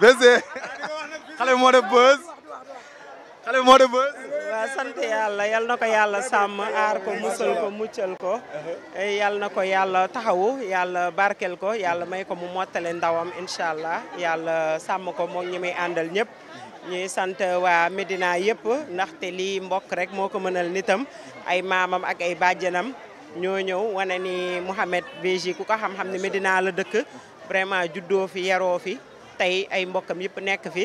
Bessé xale bi moo def buzz yàlla yal na ko yàlla sàmm aar ko musal ko muccal ko eh, yal na ko yàlla taxawu yàlla barkel ko yàlla may ko mu mottale ndawam incha allah yàlla sàmm ko moom ñi muy àndal ñëpp. ñuy sant waa Medina yëpp ndaxte lii mbokk rek moo ko mënal nitam ay maamam ak ay bàjjanam ñoo ñëw wane ni Mouhamed Béji ku ko xam-xam ne Medina la dëkk vraiment juddoo fi yaro fi. tey ay mbokkam yëpp nekk fi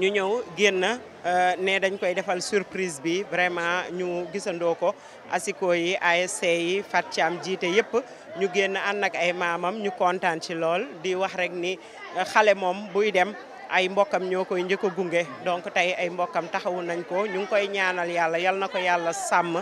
ñu ñëw génn euh, ne dañ koy defal surprise bi vraiment ñu gisandoo ko asiko yi ASC yi Fat Thiam jiite yëpp ñu génn ànd ak ay maamam ñu kontaan ci lool di wax rek ni euh, xale moom buy dem ay mbokkam ñoo koy njëkk a gunge donc tey ay mbokkam taxawu nañ ko ñu ngi koy ñaanal yàlla yal na ko yàlla sàmm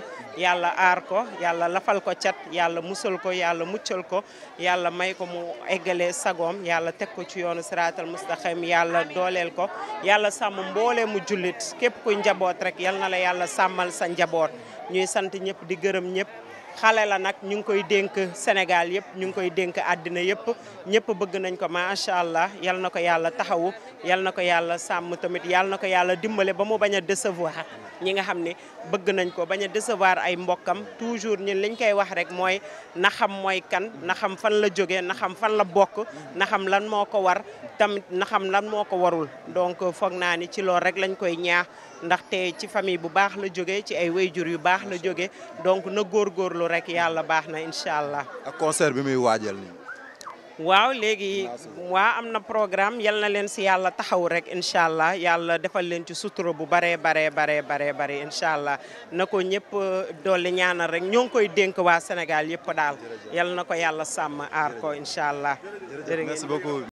yàlla aar ko yàlla lafal ko cat yàlla musal ko yàlla muccal ko yàlla may ko mu eggalee sagoom yàlla teg ko ci yoonu siraatal mustaqim yàlla dooleel ko yàlla sàmm mboole mu jullit képp kuy njaboot rek yal na la yàlla sàmmal sa njaboot ñuy sant ñëpp di gërëm ñëpp xale la nag ñu ngi koy dénk Sénégal yëpp ñu ngi koy dénk àddina yëpp ñëpp bëgg nañ ko macha allah yal na ko yàlla taxawu yal na ko yàlla sàmm tamit yal na ko yàlla dimbale ba mu bañ a décevoir ñi nga xam ne bëgg nañ ko bañ a décevoir ay mbokkam toujours ñun liñ koy wax rek mooy na xam mooy kan na xam fan la jóge na xam fan la bokk na xam lan moo ko war tamit na xam lan moo ko warul donc euh, foog naa ni ci loolu rek lañ koy ñaax ndaxte ci famille bu baax la jóge ci ay wayjur yu baax la jóge donc na góorgóorlu rek yàlla baax na incha allah. ak concert bi muy waajal nii waaw léegi waa am na programme yal na leen si yàlla taxaw rek incha allah yàlla defal leen ci sutura bu baree baree baree baree baree incha allah na ko ñëpp euh, dolli ñaanal rek ñoo ngi koy dénk waa Sénégal yëpp daal yal na ko yàlla sàmm aar ko incha allah.